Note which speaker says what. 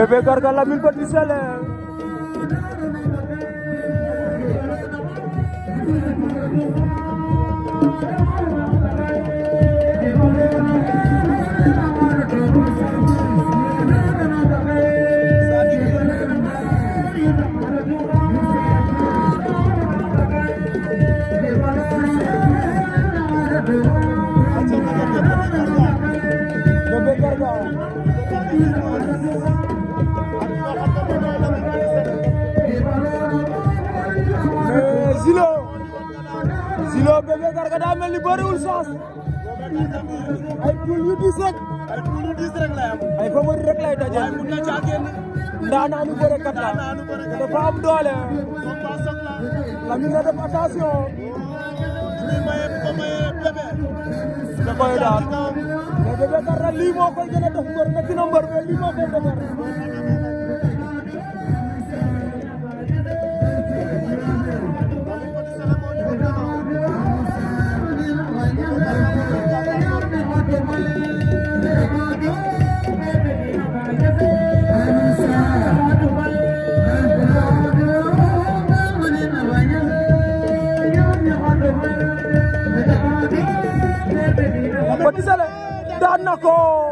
Speaker 1: बेबेकर का मिल पर डीजल अच्छा,
Speaker 2: है बेबेकर
Speaker 3: Dilo Bébé Garga daa mel ni bëriwul sax
Speaker 4: ay poul yu diis rek ay poul yu diis rek lay am ay favori rek lay daje waaye mun na caa génn ndaanaanu bërekat la dafa am doole la ñu na def attention maye ko
Speaker 1: maye bébé da koy daal mais Bébé Garga lii moo koy gën a def mbër metti na mbër mais lii moo koy defar
Speaker 4: Petit Sélé daan na ko